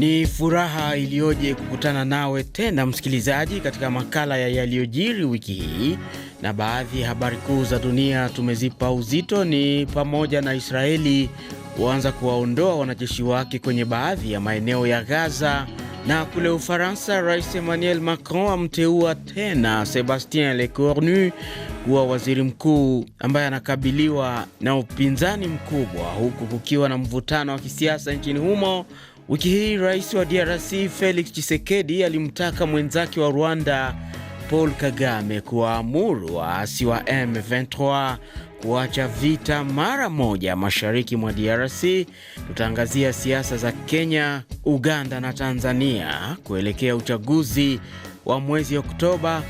Ni furaha iliyoje kukutana nawe tena msikilizaji, katika makala ya yaliyojiri wiki hii. Na baadhi ya habari kuu za dunia tumezipa uzito ni pamoja na Israeli kuanza kuwaondoa wanajeshi wake kwenye baadhi ya maeneo ya Gaza, na kule Ufaransa, Rais Emmanuel Macron amteua tena Sebastien Lecornu kuwa waziri mkuu ambaye anakabiliwa na upinzani mkubwa, huku kukiwa na mvutano wa kisiasa nchini humo Wiki hii rais wa DRC Felix Tshisekedi alimtaka mwenzake wa Rwanda Paul Kagame kuwaamuru waasi wa M23 kuacha vita mara moja mashariki mwa DRC. Tutaangazia siasa za Kenya, Uganda na Tanzania kuelekea uchaguzi wa mwezi Oktoba,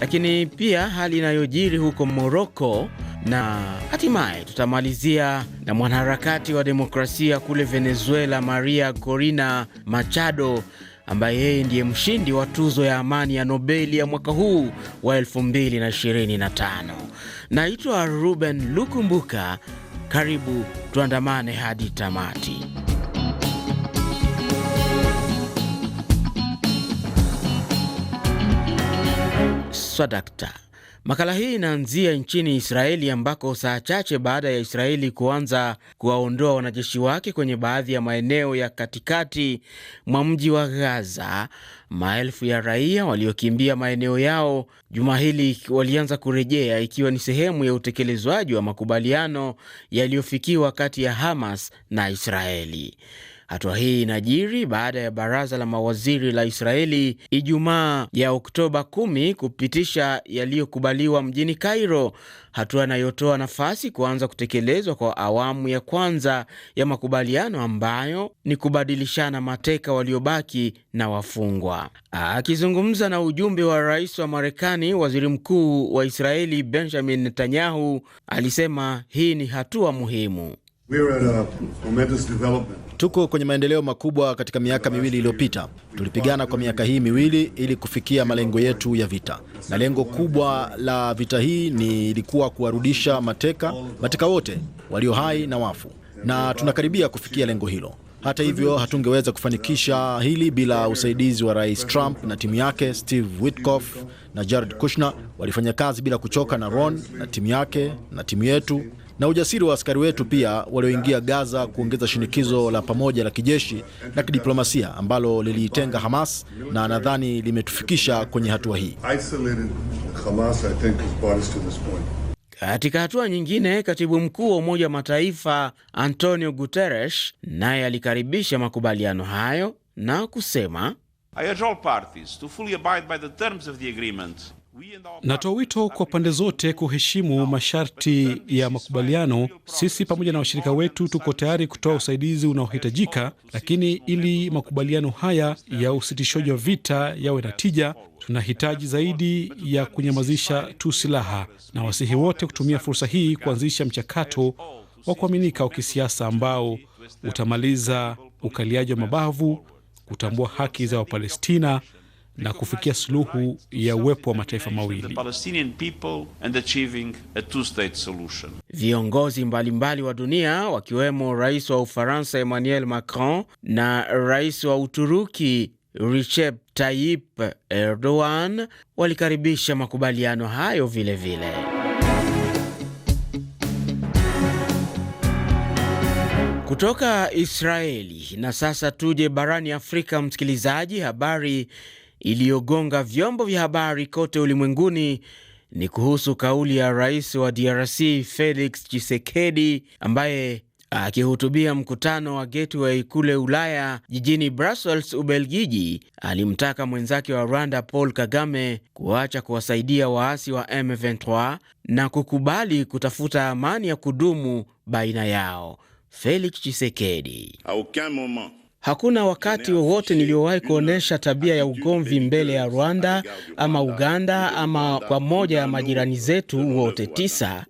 lakini pia hali inayojiri huko Moroko na hatimaye tutamalizia na mwanaharakati wa demokrasia kule Venezuela, Maria Corina Machado ambaye yeye ndiye mshindi wa tuzo ya amani ya Nobeli ya mwaka huu wa 2025. Naitwa Ruben Lukumbuka, karibu tuandamane hadi tamati. Swadakta. Makala hii inaanzia nchini Israeli ambako saa chache baada ya Israeli kuanza kuwaondoa wanajeshi wake kwenye baadhi ya maeneo ya katikati mwa mji wa Gaza, maelfu ya raia waliokimbia maeneo yao juma hili walianza kurejea, ikiwa ni sehemu ya utekelezwaji wa makubaliano yaliyofikiwa kati ya Hamas na Israeli. Hatua hii inajiri baada ya baraza la mawaziri la Israeli Ijumaa ya Oktoba 10 kupitisha yaliyokubaliwa mjini Cairo, hatua inayotoa nafasi kuanza kutekelezwa kwa awamu ya kwanza ya makubaliano ambayo ni kubadilishana mateka waliobaki na wafungwa. Akizungumza na ujumbe wa rais wa Marekani, waziri mkuu wa Israeli Benjamin Netanyahu alisema hii ni hatua muhimu. Tuko kwenye maendeleo makubwa katika miaka miwili iliyopita. Tulipigana kwa miaka hii miwili ili kufikia malengo yetu ya vita, na lengo kubwa la vita hii ni ilikuwa kuwarudisha mateka mateka wote walio hai na wafu, na tunakaribia kufikia lengo hilo. Hata hivyo, hatungeweza kufanikisha hili bila usaidizi wa Rais Trump na timu yake. Steve Witkoff na Jared Kushner walifanya kazi bila kuchoka, na Ron na timu yake na timu yetu na ujasiri wa askari wetu pia walioingia Gaza kuongeza shinikizo la pamoja la kijeshi na kidiplomasia ambalo liliitenga Hamas na nadhani limetufikisha kwenye hatua hii. Katika hatua nyingine, katibu mkuu wa Umoja wa Mataifa Antonio Guterres naye alikaribisha makubaliano hayo na kusema I urge all parties to fully abide by the terms of the agreement. Natoa wito kwa pande zote kuheshimu masharti ya makubaliano. Sisi pamoja na washirika wetu tuko tayari kutoa usaidizi unaohitajika, lakini ili makubaliano haya ya usitishaji wa vita yawe na tija, tunahitaji zaidi ya kunyamazisha tu silaha, na wasihi wote kutumia fursa hii kuanzisha mchakato wa kuaminika wa kisiasa ambao utamaliza ukaliaji wa mabavu, kutambua haki za Wapalestina na kufikia suluhu ya uwepo wa mataifa mawili. Viongozi mbalimbali wa dunia wakiwemo rais wa Ufaransa Emmanuel Macron na rais wa Uturuki Recep Tayyip Erdogan walikaribisha makubaliano hayo vilevile vile. Kutoka Israeli na sasa tuje barani Afrika, msikilizaji. Habari iliyogonga vyombo vya habari kote ulimwenguni ni kuhusu kauli ya rais wa DRC Felix Tshisekedi ambaye akihutubia mkutano wa Gateway kule Ulaya jijini Brussels, Ubelgiji, alimtaka mwenzake wa Rwanda Paul Kagame kuacha kuwasaidia waasi wa M23 na kukubali kutafuta amani ya kudumu baina yao. Felix Tshisekedi: A aucun moment Hakuna wakati wowote niliowahi kuonyesha tabia ya ugomvi mbele ya Rwanda ama Uganda ama kwa moja ya majirani zetu wote tisa.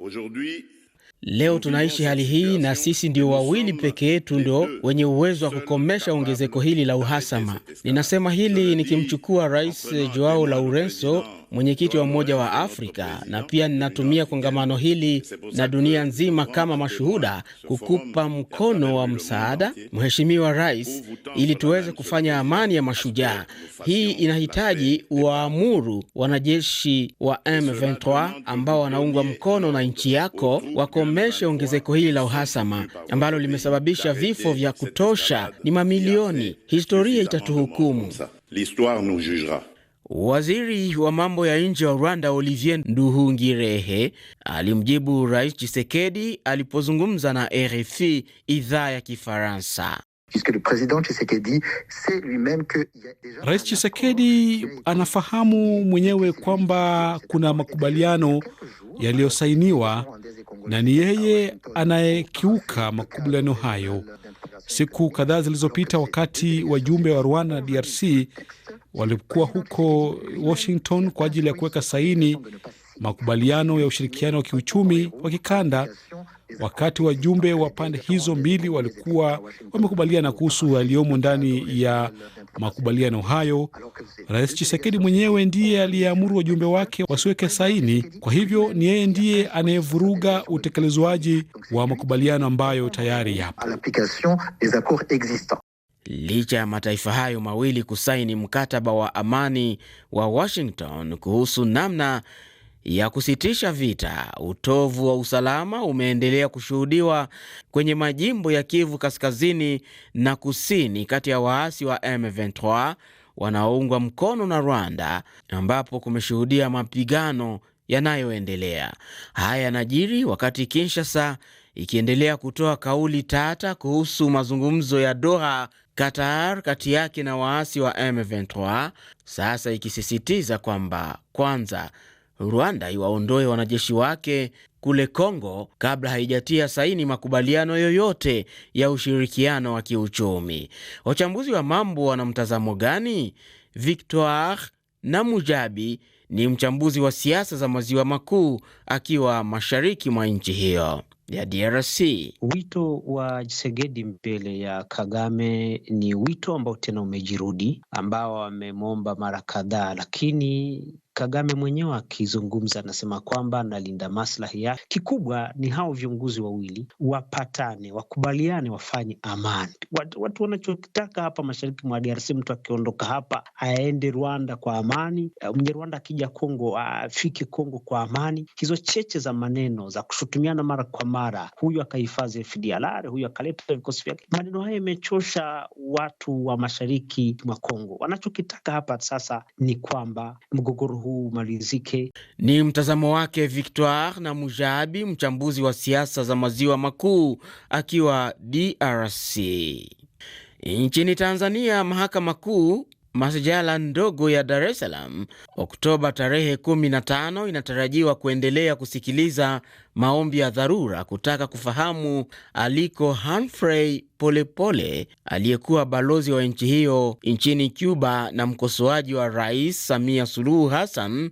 Leo tunaishi hali hii na sisi ndio wawili peke yetu ndio wenye uwezo wa kukomesha ongezeko hili la uhasama. Ninasema hili nikimchukua Rais Joao Lourenco mwenyekiti wa Umoja wa Afrika, na pia ninatumia kongamano hili na dunia nzima kama mashuhuda kukupa mkono wa msaada, Mheshimiwa Rais, ili tuweze kufanya amani ya mashujaa. Hii inahitaji waamuru wanajeshi wa M23 ambao wanaungwa mkono na nchi yako wakomeshe ongezeko hili la uhasama ambalo limesababisha vifo vya kutosha, ni mamilioni. Historia itatuhukumu. Waziri wa mambo ya nje wa Rwanda Olivier Nduhungirehe alimjibu Rais chisekedi alipozungumza na RFI idhaa ya Kifaransa. Rais chisekedi anafahamu mwenyewe kwamba kuna makubaliano yaliyosainiwa na ni yeye anayekiuka makubaliano hayo. Siku kadhaa zilizopita, wakati wajumbe wa Rwanda na DRC walikuwa huko Washington kwa ajili ya kuweka saini makubaliano ya ushirikiano wa kiuchumi wa kikanda, wakati wajumbe wa pande hizo mbili walikuwa wamekubaliana kuhusu yaliyomo ndani ya makubaliano hayo. Rais chisekedi mwenyewe ndiye aliyeamuru wajumbe wake wasiweke saini, kwa hivyo ni yeye ndiye anayevuruga utekelezwaji wa makubaliano ambayo tayari yapo licha ya mataifa hayo mawili kusaini mkataba wa amani wa Washington kuhusu namna ya kusitisha vita, utovu wa usalama umeendelea kushuhudiwa kwenye majimbo ya Kivu kaskazini na kusini kati ya waasi wa M23 wanaoungwa mkono na Rwanda, ambapo kumeshuhudia mapigano yanayoendelea. Haya yanajiri wakati Kinshasa ikiendelea kutoa kauli tata kuhusu mazungumzo ya Doha Qatar kati yake na waasi wa M23, sasa ikisisitiza kwamba kwanza Rwanda iwaondoe wanajeshi wake kule Kongo kabla haijatia saini makubaliano yoyote ya ushirikiano wa kiuchumi. Wachambuzi wa mambo wana mtazamo gani? Victoire na Mujabi ni mchambuzi wa siasa za maziwa makuu akiwa mashariki mwa nchi hiyo ya DRC. Wito wa Tshisekedi mbele ya Kagame ni wito ambao tena umejirudi, ambao amemwomba mara kadhaa, lakini Kagame mwenyewe akizungumza anasema kwamba analinda maslahi yake. Kikubwa ni hao viongozi wawili wapatane, wakubaliane, wafanye amani. Watu, watu wanachotaka hapa mashariki mwa DRC, mtu akiondoka hapa aende Rwanda kwa amani, eh, Mnyarwanda akija Kongo afike Kongo kwa amani. Hizo cheche za maneno za kushutumiana mara kwa mara, huyu akahifadhi FDLR, huyu akaleta vikosi vyake, maneno haya yamechosha watu wa mashariki mwa Kongo. Wanachokitaka hapa sasa ni kwamba mgogoro huu umalizike. Ni mtazamo wake Victoire na Mujabi, mchambuzi wa siasa za maziwa makuu akiwa DRC. Nchini Tanzania, mahakama kuu masjala ndogo ya Dar es Salaam Oktoba tarehe 15 inatarajiwa kuendelea kusikiliza maombi ya dharura kutaka kufahamu aliko Humphrey Polepole aliyekuwa balozi wa nchi hiyo nchini Cuba na mkosoaji wa Rais Samia Suluhu Hassan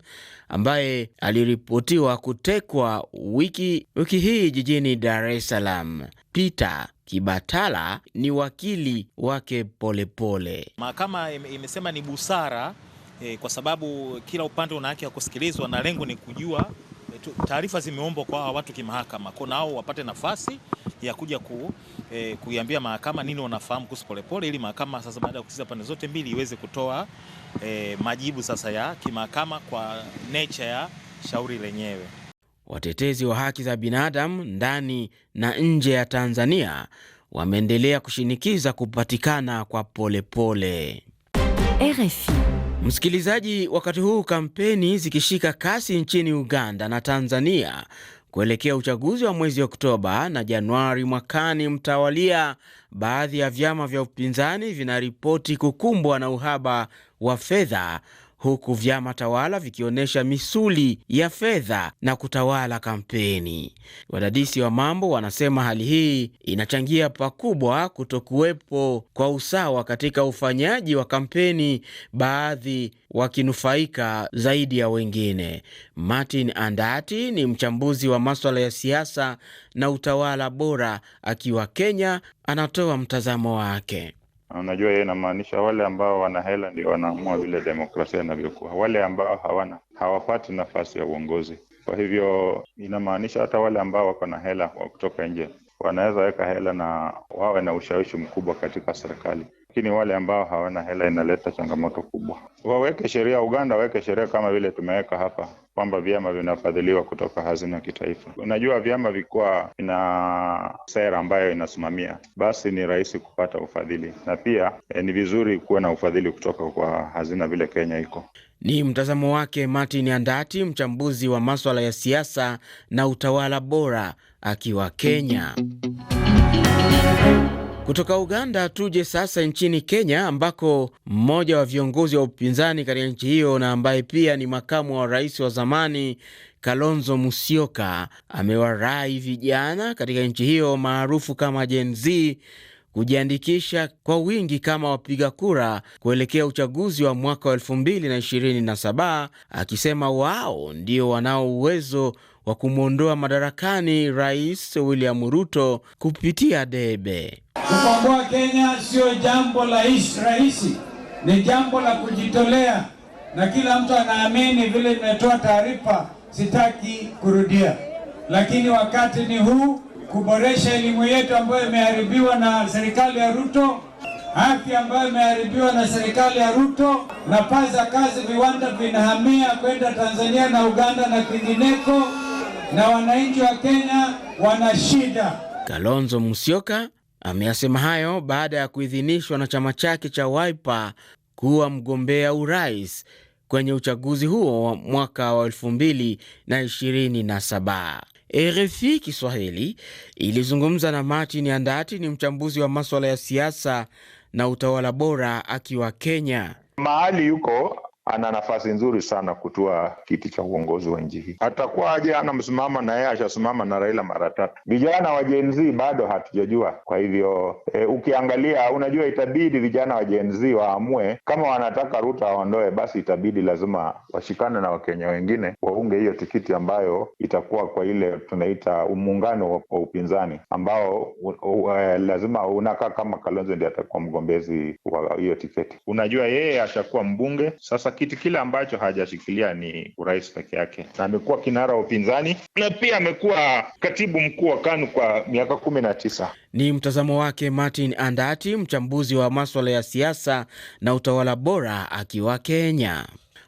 ambaye aliripotiwa kutekwa wiki, wiki hii jijini Dar es Salaam. Peter Kibatala ni wakili wake Polepole. Mahakama imesema ni busara eh, kwa sababu kila upande una haki ya kusikilizwa na lengo ni kujua eh, taarifa zimeombwa kwa watu kimahakama, kwa nao wapate nafasi ya kuja ku, e, kuiambia mahakama nini wanafahamu kuhusu Polepole, ili mahakama sasa baada ya kusikiza pande zote mbili iweze kutoa e, majibu sasa ya kimahakama kwa nature ya shauri lenyewe. Watetezi wa haki za binadamu ndani na nje ya Tanzania wameendelea kushinikiza kupatikana kwa Polepole. pole. msikilizaji, wakati huu kampeni zikishika kasi nchini Uganda na Tanzania kuelekea uchaguzi wa mwezi Oktoba na Januari mwakani mtawalia, baadhi ya vyama vya upinzani vinaripoti kukumbwa na uhaba wa fedha huku vyama tawala vikionyesha misuli ya fedha na kutawala kampeni. Wadadisi wa mambo wanasema hali hii inachangia pakubwa kutokuwepo kwa usawa katika ufanyaji wa kampeni, baadhi wakinufaika zaidi ya wengine. Martin Andati ni mchambuzi wa maswala ya siasa na utawala bora, akiwa Kenya, anatoa mtazamo wake. Unajua yeye inamaanisha wale ambao wana hela ndio wanaamua vile demokrasia inavyokuwa, wale ambao hawana hawapati nafasi ya uongozi. Kwa hivyo inamaanisha hata wale ambao wako na hela wa kutoka nje wanaweza weka hela na wawe na ushawishi mkubwa katika serikali lakini wale ambao hawana hela inaleta changamoto kubwa. Waweke sheria, Uganda waweke sheria kama vile tumeweka hapa kwamba vyama vinafadhiliwa kutoka hazina kitaifa. Unajua, vyama vikuwa vina sera ambayo inasimamia, basi ni rahisi kupata ufadhili, na pia eh, ni vizuri kuwa na ufadhili kutoka kwa hazina vile Kenya iko. Ni mtazamo wake Martin Andati, mchambuzi wa maswala ya siasa na utawala bora, akiwa Kenya. Kutoka Uganda tuje sasa nchini Kenya, ambako mmoja wa viongozi wa upinzani katika nchi hiyo na ambaye pia ni makamu wa rais wa zamani Kalonzo Musyoka amewarai vijana katika nchi hiyo maarufu kama Gen Z kujiandikisha kwa wingi kama wapiga kura kuelekea uchaguzi wa mwaka wa 2027 akisema wao ndio wanao uwezo wa kumwondoa madarakani Rais William Ruto kupitia debe. Kukomboa Kenya sio jambo la rahisi, ni jambo la kujitolea, na kila mtu anaamini vile nimetoa taarifa, sitaki kurudia, lakini wakati ni huu kuboresha elimu yetu ambayo imeharibiwa na serikali ya Ruto, afya ambayo imeharibiwa na serikali ya Ruto, nafasi za kazi, viwanda vinahamia kwenda Tanzania na Uganda na kwingineko, na wananchi wa Kenya wana shida. Kalonzo Musyoka Ameyasema hayo baada ya kuidhinishwa na chama chake cha waipa kuwa mgombea urais kwenye uchaguzi huo wa mwaka wa 2027. RFI Kiswahili ilizungumza na Martin Andati, ni mchambuzi wa maswala ya siasa na utawala bora akiwa Kenya. Mahali yuko ana nafasi nzuri sana kutua kiti cha uongozi wa nchi hii. Atakuwa aje ana msimama na yeye ashasimama na Raila mara tatu. Vijana wa Gen Z bado hatujajua. Kwa hivyo e, ukiangalia unajua, itabidi vijana wa Gen Z waamue kama wanataka Ruto aondoe, basi itabidi lazima washikane na Wakenya wengine waunge hiyo tikiti ambayo itakuwa kwa ile tunaita muungano wa upinzani ambao u, u, e, lazima unakaa kama Kalonzo ndiye atakuwa mgombezi wa hiyo tiketi. Unajua yeye ashakuwa mbunge sasa kitu kile ambacho hajashikilia ni urais peke yake, na amekuwa kinara wa upinzani na pia amekuwa katibu mkuu wa KANU kwa miaka kumi na tisa. Ni mtazamo wake Martin Andati, mchambuzi wa maswala ya siasa na utawala bora, akiwa Kenya.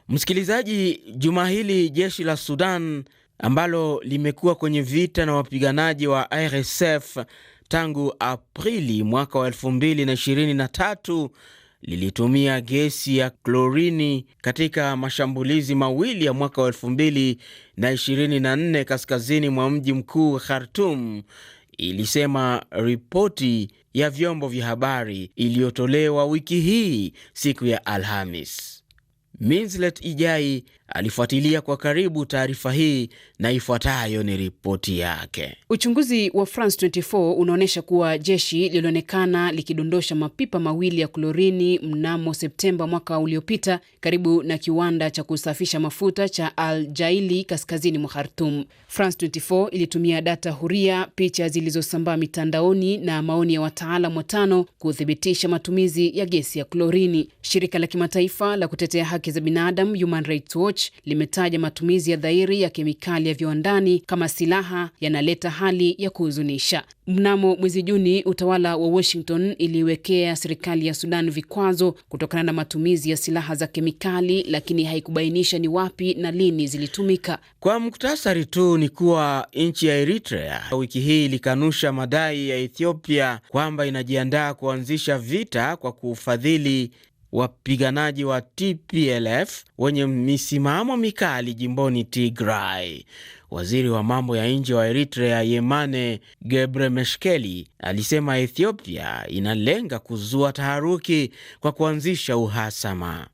Msikilizaji, juma hili jeshi la Sudan ambalo limekuwa kwenye vita na wapiganaji wa RSF tangu Aprili mwaka wa 2023 lilitumia gesi ya klorini katika mashambulizi mawili ya mwaka wa 2024 kaskazini mwa mji mkuu Khartum, ilisema ripoti ya vyombo vya habari iliyotolewa wiki hii siku ya Alhamis. Minslet Ijai alifuatilia kwa karibu taarifa hii na ifuatayo ni ripoti yake. Uchunguzi wa France 24 unaonyesha kuwa jeshi lilionekana likidondosha mapipa mawili ya klorini mnamo Septemba mwaka uliopita karibu na kiwanda cha kusafisha mafuta cha Al Jaili kaskazini mwa Khartum. France 24 ilitumia data huria, picha zilizosambaa mitandaoni na maoni ya wataalam watano kuthibitisha matumizi ya gesi ya klorini. Shirika la kimataifa la kutetea haki za binadamu Human Rights Watch Watch limetaja matumizi ya dhahiri ya kemikali ya viwandani kama silaha yanaleta hali ya kuhuzunisha. Mnamo mwezi Juni, utawala wa Washington iliwekea serikali ya Sudan vikwazo kutokana na matumizi ya silaha za kemikali, lakini haikubainisha ni wapi na lini zilitumika. Kwa muktasari tu ni kuwa nchi ya Eritrea wiki hii ilikanusha madai ya Ethiopia kwamba inajiandaa kuanzisha vita kwa kufadhili wapiganaji wa TPLF wenye misimamo mikali jimboni Tigray. Waziri wa mambo ya nje wa Eritrea Yemane gebre meshkeli alisema Ethiopia inalenga kuzua taharuki kwa kuanzisha uhasama.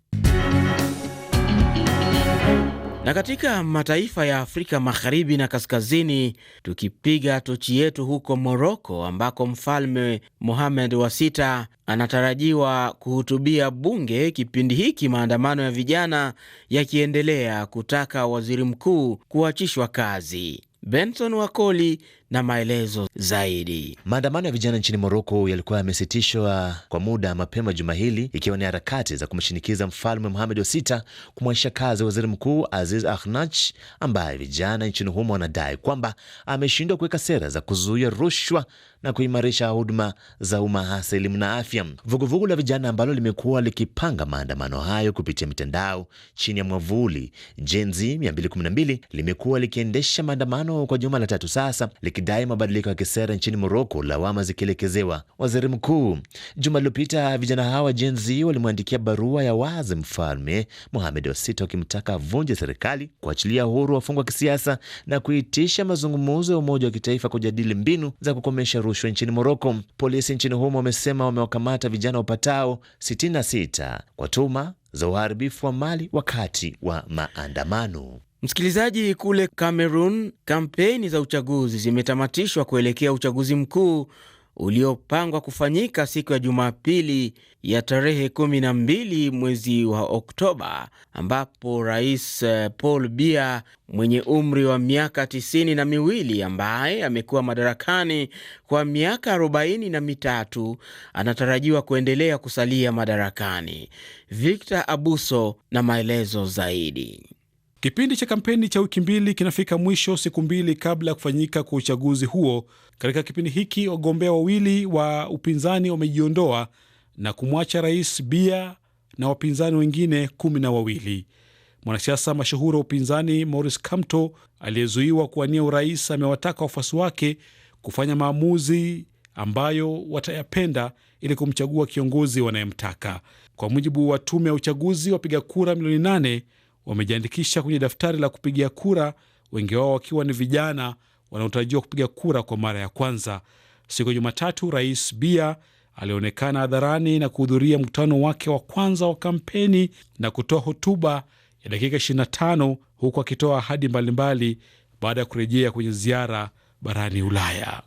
Na katika mataifa ya Afrika magharibi na kaskazini, tukipiga tochi yetu huko Moroko, ambako mfalme Mohamed wa sita anatarajiwa kuhutubia bunge kipindi hiki, maandamano ya vijana yakiendelea kutaka waziri mkuu kuachishwa kazi. Benson Wakoli na maelezo zaidi. Maandamano ya vijana nchini Moroko yalikuwa yamesitishwa kwa muda mapema juma hili, ikiwa ni harakati za kumshinikiza mfalme Mohamed wa sita kumwaisha kazi waziri mkuu Aziz Akhnach ambaye vijana nchini humo wanadai kwamba ameshindwa kuweka sera za kuzuia rushwa na kuimarisha huduma za umma hasa elimu na afya. Vuguvugu la vijana ambalo limekuwa likipanga maandamano hayo kupitia mitandao chini ya mwavuli Gen Z 212 limekuwa likiendesha maandamano kwa juma la tatu sasa liki akidai mabadiliko ya kisera nchini Moroko, lawama zikielekezewa waziri mkuu. Juma lililopita vijana hawa Gen Z walimwandikia barua ya wazi Mfalme Mohamed wa Sita wakimtaka avunje serikali, kuachilia huru wafungwa wa kisiasa na kuitisha mazungumzo ya umoja wa kitaifa kujadili mbinu za kukomesha rushwa nchini Moroko. Polisi nchini humo wamesema wamewakamata vijana wapatao 66 kwa tuma za uharibifu wa mali wakati wa maandamano. Msikilizaji, kule Cameroon kampeni za uchaguzi zimetamatishwa kuelekea uchaguzi mkuu uliopangwa kufanyika siku ya Jumapili ya tarehe 12 mwezi wa Oktoba, ambapo Rais eh, Paul Biya mwenye umri wa miaka tisini na miwili ambaye amekuwa madarakani kwa miaka arobaini na mitatu anatarajiwa kuendelea kusalia madarakani. Victor Abuso na maelezo zaidi. Kipindi cha kampeni cha wiki mbili kinafika mwisho siku mbili kabla ya kufanyika kwa uchaguzi huo. Katika kipindi hiki wagombea wawili wa upinzani wamejiondoa na kumwacha rais bia na wapinzani wengine kumi na wawili. Mwanasiasa mashuhuri wa upinzani Maurice Kamto aliyezuiwa kuwania urais amewataka wafuasi wake kufanya maamuzi ambayo watayapenda ili kumchagua kiongozi wanayemtaka. Kwa mujibu wa tume ya uchaguzi, wapiga kura milioni nane wamejiandikisha kwenye daftari la kupigia kura, wengi wao wakiwa ni vijana wanaotarajiwa kupiga kura kwa mara ya kwanza. Siku ya Jumatatu, Rais bia alionekana hadharani na kuhudhuria mkutano wake wa kwanza wa kampeni na kutoa hotuba ya dakika 25 huku akitoa ahadi mbalimbali baada ya kurejea kwenye ziara barani Ulaya.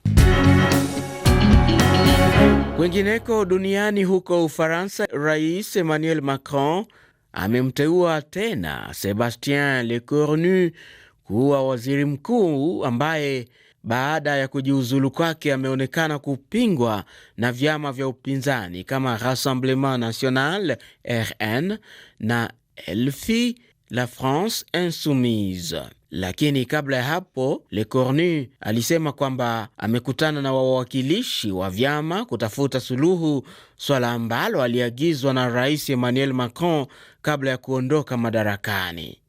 Kwingineko duniani, huko Ufaransa, Rais Emmanuel Macron amemteua tena Sebastien Lecornu kuwa waziri mkuu ambaye baada ya kujiuzulu kwake ameonekana kupingwa na vyama vya upinzani kama Rassemblement National RN na Elfi la France Insoumise. Lakini kabla ya hapo, le cornu alisema kwamba amekutana na wawakilishi wa vyama kutafuta suluhu, swala ambalo aliagizwa na Rais Emmanuel Macron kabla ya kuondoka madarakani.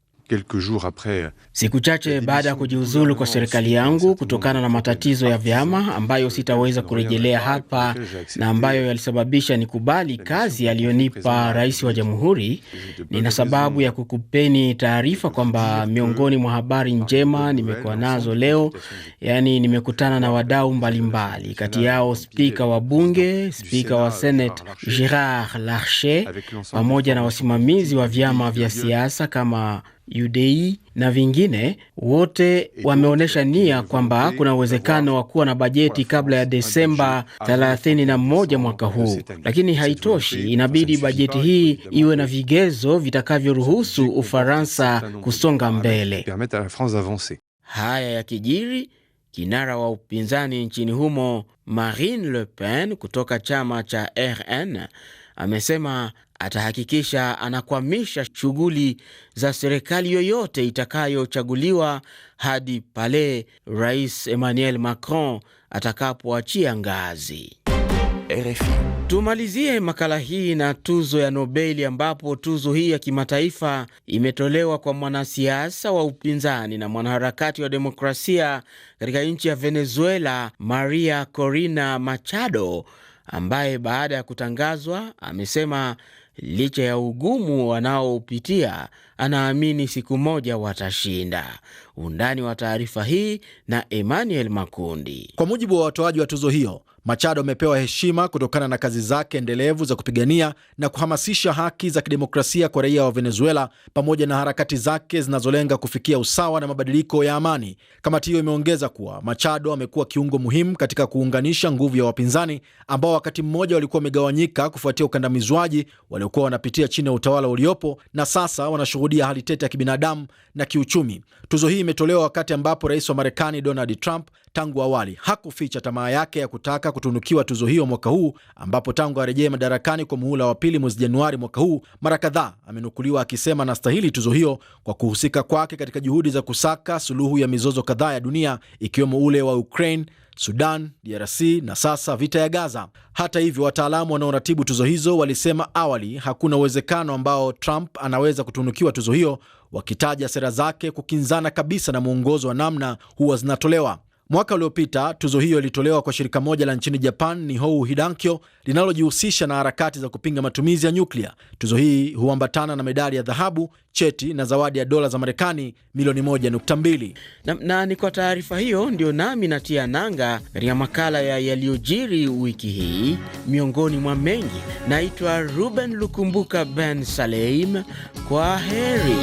Siku chache baada ya kujiuzulu kwa serikali yangu kutokana na matatizo ya vyama ambayo sitaweza kurejelea hapa na ambayo yalisababisha nikubali kazi aliyonipa rais wa jamhuri, nina sababu ya kukupeni taarifa kwamba miongoni mwa habari njema nimekuwa nazo leo, yaani nimekutana na wadau mbalimbali, kati yao spika wa bunge, spika wa senate Gerard Larcher pamoja na wasimamizi wa vyama vya siasa kama UDI na vingine, wote wameonyesha nia kwamba kuna uwezekano wa kuwa na bajeti kabla ya Desemba 31 mwaka huu, lakini haitoshi. Inabidi bajeti hii iwe na vigezo vitakavyoruhusu Ufaransa kusonga mbele. Haya ya kijiri, kinara wa upinzani nchini humo Marine Le Pen kutoka chama cha RN amesema atahakikisha anakwamisha shughuli za serikali yoyote itakayochaguliwa hadi pale Rais Emmanuel Macron atakapoachia ngazi. RFI. Tumalizie makala hii na tuzo ya Nobeli ambapo tuzo hii ya kimataifa imetolewa kwa mwanasiasa wa upinzani na mwanaharakati wa demokrasia katika nchi ya Venezuela, Maria Corina Machado ambaye baada ya kutangazwa amesema Licha ya ugumu wanaoupitia, anaamini siku moja watashinda. Undani wa taarifa hii na Emmanuel Makundi. Kwa mujibu wa watoaji wa tuzo hiyo, Machado amepewa heshima kutokana na kazi zake endelevu za kupigania na kuhamasisha haki za kidemokrasia kwa raia wa Venezuela pamoja na harakati zake zinazolenga kufikia usawa na mabadiliko ya amani. Kamati hiyo imeongeza kuwa Machado amekuwa kiungo muhimu katika kuunganisha nguvu ya wapinzani ambao wakati mmoja walikuwa wamegawanyika kufuatia ukandamizwaji waliokuwa wanapitia chini ya utawala uliopo na sasa wanashuhudia hali tete ya kibinadamu na kiuchumi. Tuzo hii imetolewa wakati ambapo rais wa Marekani Donald Trump tangu awali hakuficha tamaa yake ya kutaka kutunukiwa tuzo hiyo mwaka huu, ambapo tangu arejee madarakani kwa muhula wa pili mwezi Januari mwaka huu, mara kadhaa amenukuliwa akisema anastahili tuzo hiyo kwa kuhusika kwake katika juhudi za kusaka suluhu ya mizozo kadhaa ya dunia ikiwemo ule wa Ukraine, Sudan, DRC na sasa vita ya Gaza. Hata hivyo, wataalamu wanaoratibu tuzo hizo walisema awali hakuna uwezekano ambao Trump anaweza kutunukiwa tuzo hiyo, wakitaja sera zake kukinzana kabisa na mwongozo wa namna huwa zinatolewa. Mwaka uliopita tuzo hiyo ilitolewa kwa shirika moja la nchini Japan, hou Hidankyo, linalojihusisha na harakati za kupinga matumizi ya nyuklia. Tuzo hii huambatana na medali ya dhahabu, cheti na zawadi ya dola za Marekani milioni 1.2. Na, na ni kwa taarifa hiyo ndio nami natia nanga katika makala ya yaliyojiri wiki hii, miongoni mwa mengi. Naitwa Ruben Lukumbuka Ben Saleim, kwa heri.